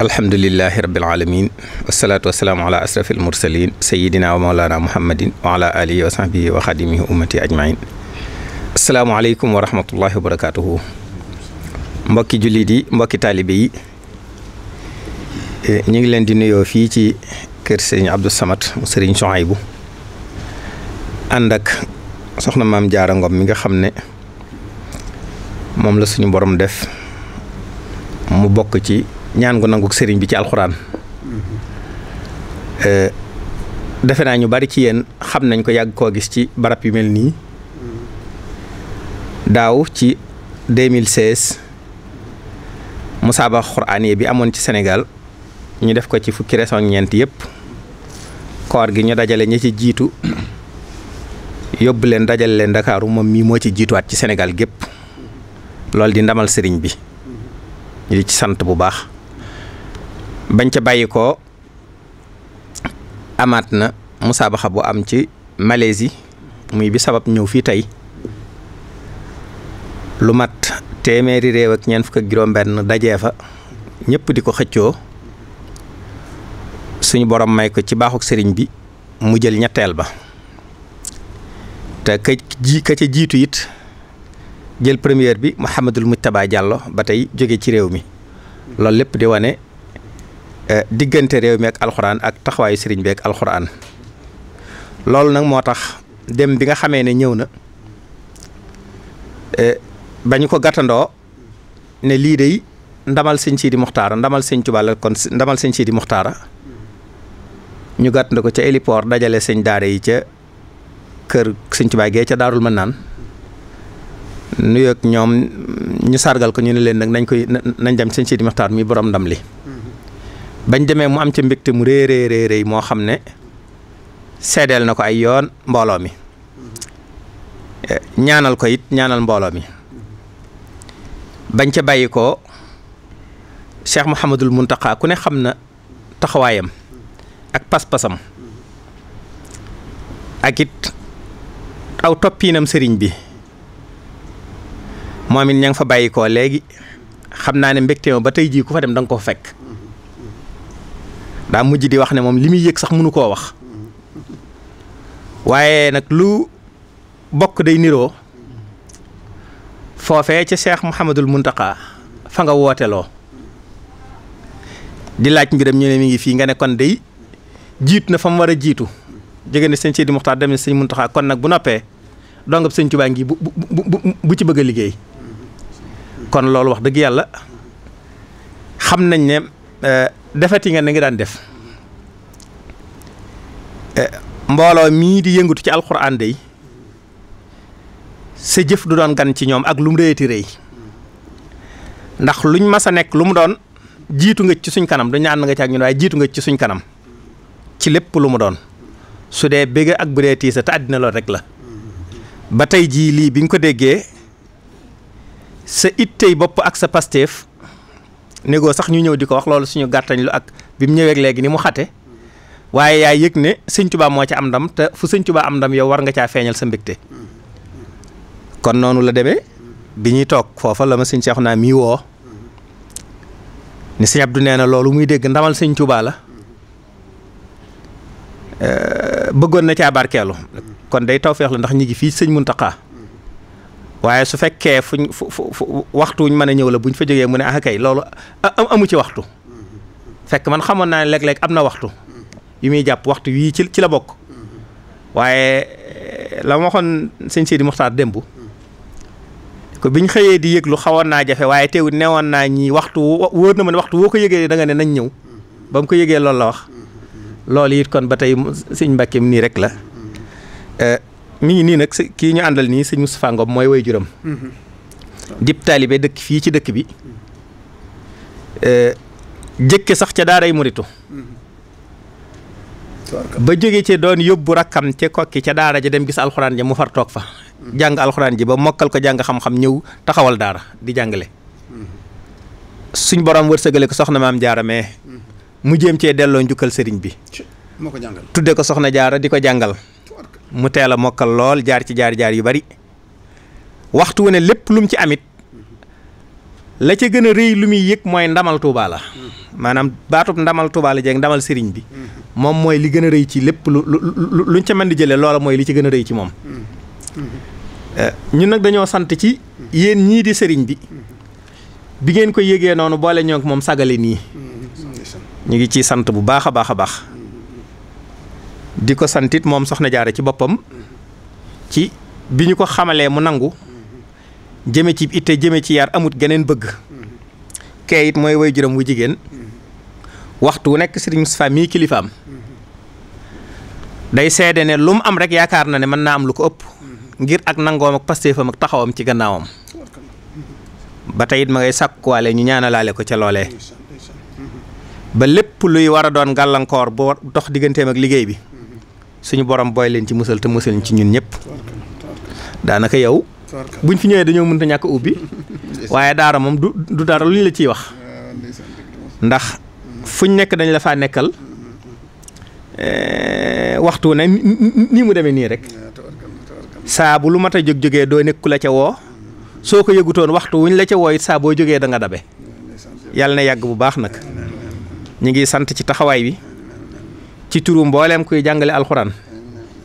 alhamdulilahi rabil alamin wasalaatu wasalaamu ala ashraf al mursalin sayidina wa maulana muhammadin wa alihi wa sahbihi wa xadimihi ummati ajmain asalaamualeykum wa rahmatullahi wa barakatuhu mbokki jullit mbokki taalibe yi eh, ñu ngi leen di nuyoo fii ci kër sëriñ Abdou Samad mu sëriñ Sohaybu ànd ak soxna maam Jaara Ngom mi nga xam ne moom la suñu borom def mu bokk ci ñaan gu nangu sëriñ bi ci alxuraan mm-hmm. euh, defe naa ñu bari ci yenn xam nañ ko yàgg koo gis ci barab yu mel nii mm-hmm. daaw ci 2016 musaaba xuraani bi amoon ci senegal ñu def ko ci fukki région ñeent yëpp koor gi ñu dajale ñi ci jiitu yóbbu leen dajale leen Ndakaaru moom mii moo ci jiituwaat ci senegal gépp mm-hmm. loolu di ndamal sëriñ bi ñu di ci sant bu baax bañ ca bàyyi amaat na musaabaxa bu am ci Malaisie muy bi sabab ñëw fii tey lu mat téeméeri réew ak ñeent fukk ak benn dajee fa ñépp di ko xëccoo suñu borom may ko ci baaxuk sëriñ bi mu jël ñetteel ba te ka ji jiitu it jël première bi Mouhamadul Mujtaba Diallo ba tey jóge ci réew mi loolu lépp di wane Eh, diggante réew mi ak alxuraan ak taxawaayu sëriñ bi ak alxuraan loolu nag moo tax dem bi nga xamee ne ñëw na eh, ba ñu ko gàttandoo ne lii de ndamal sëñ Sidi Muxtaara ndamal sëñ Tuubaa la kon ndamal sëñ Sidi Muxtaara ñu gàttandoo ko ca héliport dajale sëñ daara yi ca kër sëñ Tuubaa gee ca daarul mën naan nuyoog ñoom ñu sargal ko ñu ne leen nag nañ koy nañ dem sëñ Sidi Muxtaar mii borom ndam li bañ demee mu am ca mbégte mu rëy rëy rëy moo xam ne seedeel na ko ay yoon mbooloo mi ñaanal ko it ñaanal mbooloo mi bañ ca bàyyi ko Cheikh Mouhamadul Mountakha ku ne xam na taxawaayam ak pas-pasam ak it aw toppiinam sëriñ bi moom it ña nga fa bàyyi léegi xam naa ne mbégte ma ba tey jii ku fa dem danga nga ko fekk. daa mujj di wax ne moom li muy yëg sax mënu koo wax waaye nag lu bokk day niroo foofee ca Cheikh Mouhamadul Mountakha fa nga wooteloo di laaj mbiram ñu ne mi ngi fii nga ne kon day jiitu na fa mu war a jiitu jóge ne sëñ Seydi Muxtaar dem na sëñ Mountakha kon nag bu noppee dongab sëñ Tuubaa ngi bu bu ci bëgg a liggéey kon loolu wax dëgg yàlla xam nañ ne. Eh, defet yi nga ni ngi daan def eh, mbooloo mii di yëngatu ci alxuraan day sa jëf du doon gan ci ñoom ak lu mu réyati rëy ndax luñ mas a nekk lu mu doon jiitu nga ci suñ kanam du ñaan nga ci ak ñun waaye jiitu nga ci suñ kanam ci lépp lu mu doon su dee bëgg ak bu dee tiisa te àddina lool rek la ba tey jii lii bi nga ko déggee sa ittey bopp ak sa pasteef négo sax ñu ñëw di ko wax loolu suñu gàttañ lu ak bi mu ñëweek léegi ni mu xate waaye yaay yëg ne sëñ moo ci am ndam te fu sëñ am ndam yow war nga caa feeñal sa mbégte kon noonu la deme bi ñuy toog foofa la ma sëñ Seexu naa mii woo ni sëñ nee na loolu muy dégg ndamal sëñ Tuubaa la eh, bëggoon na caa barkeelu kon day taw feex la ndax ñi gi fii sëñ Muntaxaa waaye su fekkee fuñ fu fu waxtu wuñ mën a ñëw la buñ fa jógee mu ne ah kay loolu amu ci waxtu fekk man xamoon naa ne léeg-léeg am na waxtu yu muy jàpp waxtu yii ci ci la bokk waaye eh, la ma waxoon sëñ Sidi Muxtaar démb ko bi biñ xëyee di yëglu xawoon naa jafe waaye teewul newoon naa ñi waxtu wóor na ma ne waxtu woo ko yëgee da nga ne nañ ñëw ba mu ko yëgee loolu la wax loolu it kon ba tey sëñ Mbàkke nii rek la eh, mu ngi nii nag kii ñu àndal nii sëñ Moustapha Ngom mooy way juram dib mm-hmm. taalibe dëkk fii ci dëkk bi eh, jëkke sax ca daaray muritu mm-hmm. ba jóge ci doon yóbbu rakkam ca kokki ca daara ja dem gis alxuraan ja mu far toog fa mm-hmm. jàng alxuraan ji ba mokkal ko jàng xam-xam ñëw taxawal daara di jàngale suñ borom wërsëgale ko soxna maam jaara mais mu jéem cee delloo njukkal sëriñ bi tudde ko soxna jaara di ko jàngal mu teel a mokkal lool jaar ci jaar jaar yu bari waxtu wu ne lépp lu ci amit la ca gën a rëy lu muy yëg mooy ndamal Touba la maanaam baatub ndamal Touba la jeeg ndamal sëriñ bi moom mooy li gën a rëy ci lépp lu luñ ca mën di jëlee loola mooy li ci gën a rëy ci moom. Eh, ñun nag dañoo sant ci yéen ñii di sëriñ bi bi ngeen ko yëgee noonu boole ñoo moom sagale nii. Mm-hmm. ñu ngi ciy sant bu baax a baax a baax. di ko santit moom soxna jaare ci boppam ci bi ñu ko xamalee mu nangu jëme ci itte jëme ci yar amut geneen bëgg kee mooy way juram wu jigéen waxtu wu nekk sëriñ Moustapha mii kilifaam day seede ne lu mu am rek yaakaar na ne mën naa am lu ko ëpp ngir ak nangoom ak pasteefam ak taxawam ci gannaawam ba tey it ma ngay sàkkuwaale ñu ñaanalaale ko ca loole ba lépp luy war a doon gàllankoor boo dox digganteem ak liggéey bi suñu borom booy leen ci musal te musal ci ñun ñëpp daanaka yow buñ fi ñëwee dañoo mënta ñàkk ubbi waaye daara moom du du dara lu ñu la ciy wax ah, ndax fuñ nekk dañ la faa nekkal eh, waxtu ne nii mu demee nii rek ah, saabu lu mat a jóg jógee doo nekk la ca woo soo ko yëgutoon waxtu wuñ la ca woo it saa boo jógee da nga dabe ah, yàlla na yàgg bu baax nag ñu ngi sant ci taxawaay bi. ci turu mbooleem kuy jàngale alxuraan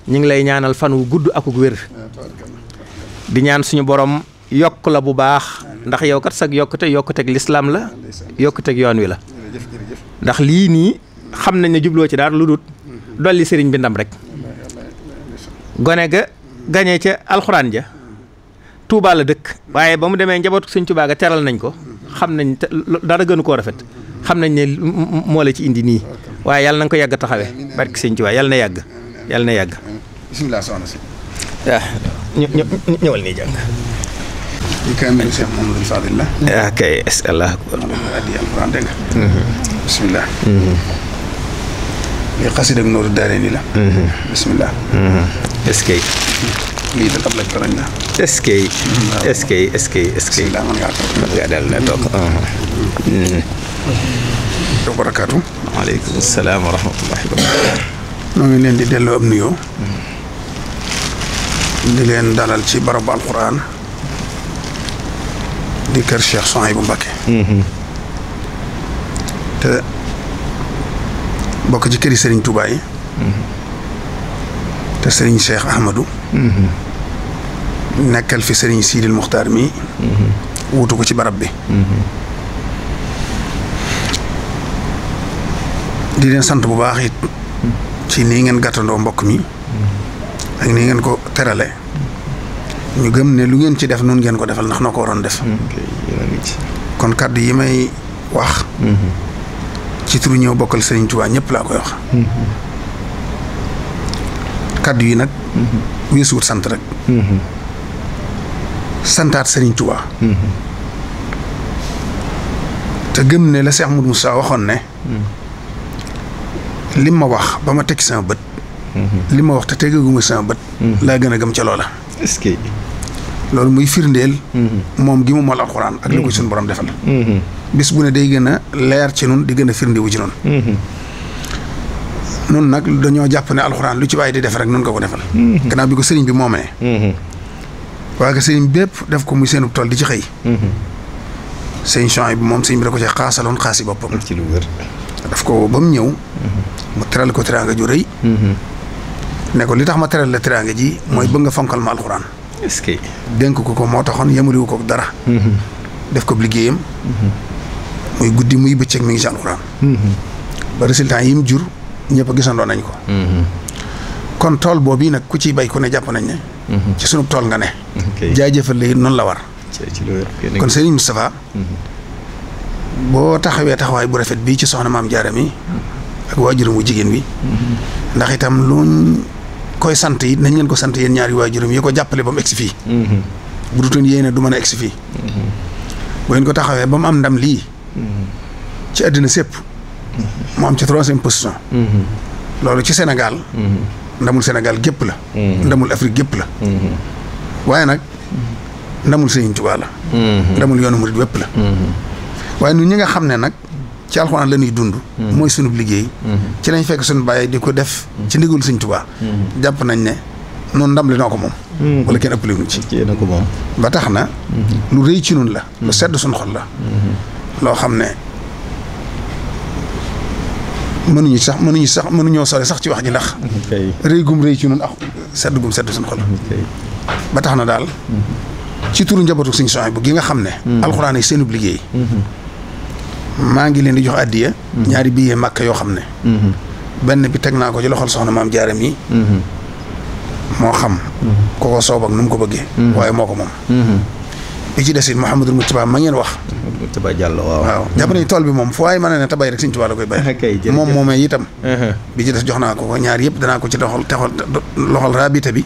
ñu ngi lay ñaanal fan wu gudd akuk wér di ñaan suñu borom yokk la bu baax ndax yow kat sag yokkute yokkuteeg lislaam la yokkuteeg yoon wi la ndax lii nii xam nañ ne jubloo ci daal lu dul dolli sëriñ bi ndam rek gone ga gañee ca alxuraan ja tuubaal la dëkk waaye ba mu demee njabootu Sëñ Tuubaa ga teral nañ ko xam nañ dara gënu koo rafet xam nañ ne moo la ci indi nii waaye yàlla na ko yàgg taxawee barki sëñ Tuubaa yàlla na yàgg yàlla na yàgg. bisimilah soxna si. waaw ah, ñu ñu ñëwal nii jàng. Ah, di kaamilu kay allah akbar. addi alquran dégg nga. Mhm. Mhm. Mhm. ko ngaa daal na toog. wa barakaatu. salaam wa rahmatullahi ngi leen di delloo am nuyoo. di leen dalal ci barabu alquran. di kër Cheikh Souhaïbou Mbacké. Mm-hmm. te bokk ci këri Serigne Touba yi. Mm-hmm. te Serigne Cheikh Ahmadou. Mm-hmm. nekkal fi Serigne Sidil Muxtaar mi. wuutu ko ci barab bi. di leen sant bu baax it ci nii ngeen gàttandoo mbokk mi ak nii ngeen ko terale ñu gëm ne lu ngeen ci def noonu ngeen ko defal ndax noo ko waroon def hmm. kon kàddu yi may wax hmm. ci turu ñëw bokkal Sëriñ Tuubaa ñëpp laa koy wax hmm. kàddu yi nag weesuwut sant rek santaat Sëriñ Tuubaa te gëm ne la Seex Muhammadu Musaa waxoon ne lim ma wax ba ma teg sama bët. Mhm. li ma wax te tegaguma sama bët. Mhm. laa gën a gëm ca loola. est-ce que. loolu muy firndeel. Mhm. moom gi mu mool alxuraan ak li ko suñu borom defal. bis bu ne day gën a leer ci nun di gën a firndewu ci nun nun nag dañoo jàpp ne alxuraan lu ci waaye di def rek nun ko ko defal. gannaaw bi ko sëriñ bi moomee. waaye que sëriñ bépp def ko muy seenub tool di ci xëy. sëriñ champs bi moom sëriñ bi da ko ci xaasaloon xaasi boppam. daf ko ba mu ñëw. mu teral ko teraanga ju rëy. Mm-hmm. ne ko li tax ma teral la teraanga ji. mooy mm-hmm. bëgg nga fonkal ma alxuraan. est dénk ko ko moo taxoon yemaliwu ko dara. Mm-hmm. def ko liggéeyam. muy guddi muy bëccëg mi ngi ci alxuraan. ba résultat yi mu jur ñëpp gisandoo nañ ko. kon tool boobu nag ku ciy bay ku ne jàpp nañ ne. ci sunu tool nga ne. jaajëfal la noonu la war. kon Serigne Moustapha. boo taxawee taxawaay bu rafet bii ci soxna maam Jaara mi ak waajuram wu jigéen wi ndax itam luñ koy sant yi nañ leen ko sant yéen ñaari waajuram yi ko jàppale ba mu egsi fii bu dutoon yéene du mën a egsi fii bu ngeen ko taxawee ba mu am ndam lii ci àddina sépp mu am ci troisième position loolu ci Sénégal ndamul Sénégal gépp la ndamul Afrique gépp la waaye nag ndamul Sëriñ Tuubaa ndamul yoonu murid wépp la waaye ñun ñi nga xam ne nag ci alxuraan la ñuy dund. Mm-hmm. mooy sunub liggéey. Mm-hmm. ci lañ fekk sunu bàyyi di ko def. ci mm-hmm. ndigal Sëñ Tuubaa. jàpp nañ ne noonu ndam li noo ko moom. wala kenn ëppale wuñ ko moom. ba tax na. lu rëy ci nun la. lu sedd suñu xol la. loo xam ne mënuñu sax mënuñu sax mënuñoo sore sax ci wax ji ndax. rëy gum rëy ci nun ak sedd gum sedd suñu xol. ba tax na daal ci turu njabootu Sëñ Suhaybu bu gi nga xam ne. alxuraan yi seenub liggéey. maa ngi leen di jox addiya mm-hmm. ñaari billet màkk yoo xam ne mm-hmm. benn bi teg naa ko ci loxol soxna maam jaara mi mm-hmm. moo xam ko ko soob nu mu ko bëggee waaye moo ko moom bi ci desit Mouhamadul Moustapha ma ngeen wax Moustapha Diallo waaw waaw jàpp nañu tool bi moom foo waaye mën na ne tabay rek Sëñ Tuubaa la koy bay moom moomee itam uh-huh. bi ci des jox naa ko ko ñaar yëpp danaa ko ci doxal texal loxol rabita bi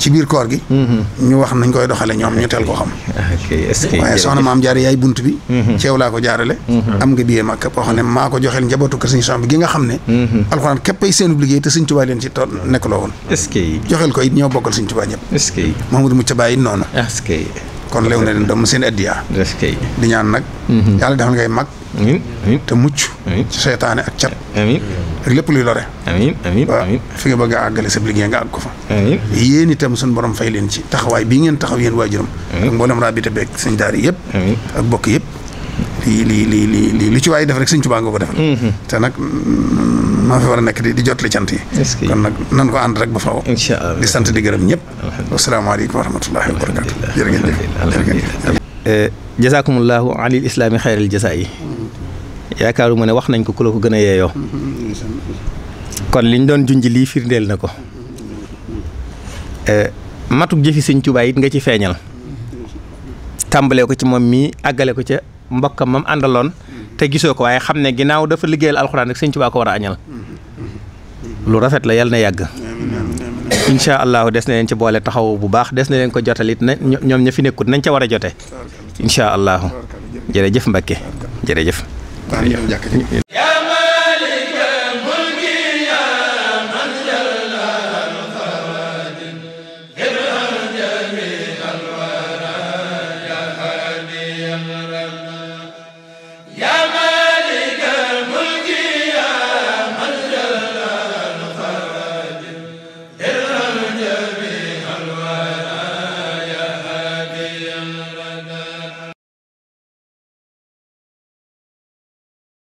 ci biir koor gi. Mm-hmm. ñu wax nañ koy doxale ñoom ñu teel ko xam. waaye soxna maam jaare yaay bunt bi. Mm-hmm. ceew laa ko jaarale. Mm-hmm. am nga billet Makka boo xam ne maa ko joxeel njabootu kër Sëñ Sam bi gi nga xam ne. alxuraan képp ay seen liggéey te Sëñ Tuubaa leen ci tool nekk loo woon. joxeel ko it ñoo bokkal Sëñ Tuubaa ñëpp. est-ce que Mamadou Moustapha it noonu. kon lew na leen doom seen addiya. di ñaan nag. yàlla defal ngay mag. te mucc. ci seytaane ak cat. ak lépp luy lore. amiin amiin amiin fi nga bëgg a àggale sa liggéey nga àgg ko fa. amiin yéen borom fay leen ci taxawaay bi ngeen taxaw yéen waajuram. ak mboolem rabita beeg suñ daara yëpp. ak bokk yëpp. li li li li li ci waay def rek suñ Tuubaa nga ko defal. Mm-hmm. nag mm, maa fi war a nekk di di jotali cant yi. kon nag nan ko ànd rek ba faaw. incha allah di sant di gërëm ñëpp. alhamdulilah asalaamaaleykum wa rahmatullahi wa barakaatu. jërë ngeen jëf jërë eh, islaami xayral jasaa yaakaaruma ne wax nañ ko ku la ko gën a yeeyoo kon liñ doon junj lii firndeel na ko eh, matuk jëfi sëñ Tuubaa it nga ci feeñal tàmbalee ko ci moom mii àggale ko ca ma mam àndaloon te gisoo ko waaye xam ne ginnaaw dafa liggéeyal alxuraan rek sëñ Tuubaa ko war a añal lu rafet la yàlla na yàgg incha allahu des na leen ci boole taxaw bu baax des na leen ko jotal it na ñoom ña fi nekkut nañ ca war a jote incha allahu jërëjëf Mbakke jërëjëf hectares yi am jàkk ci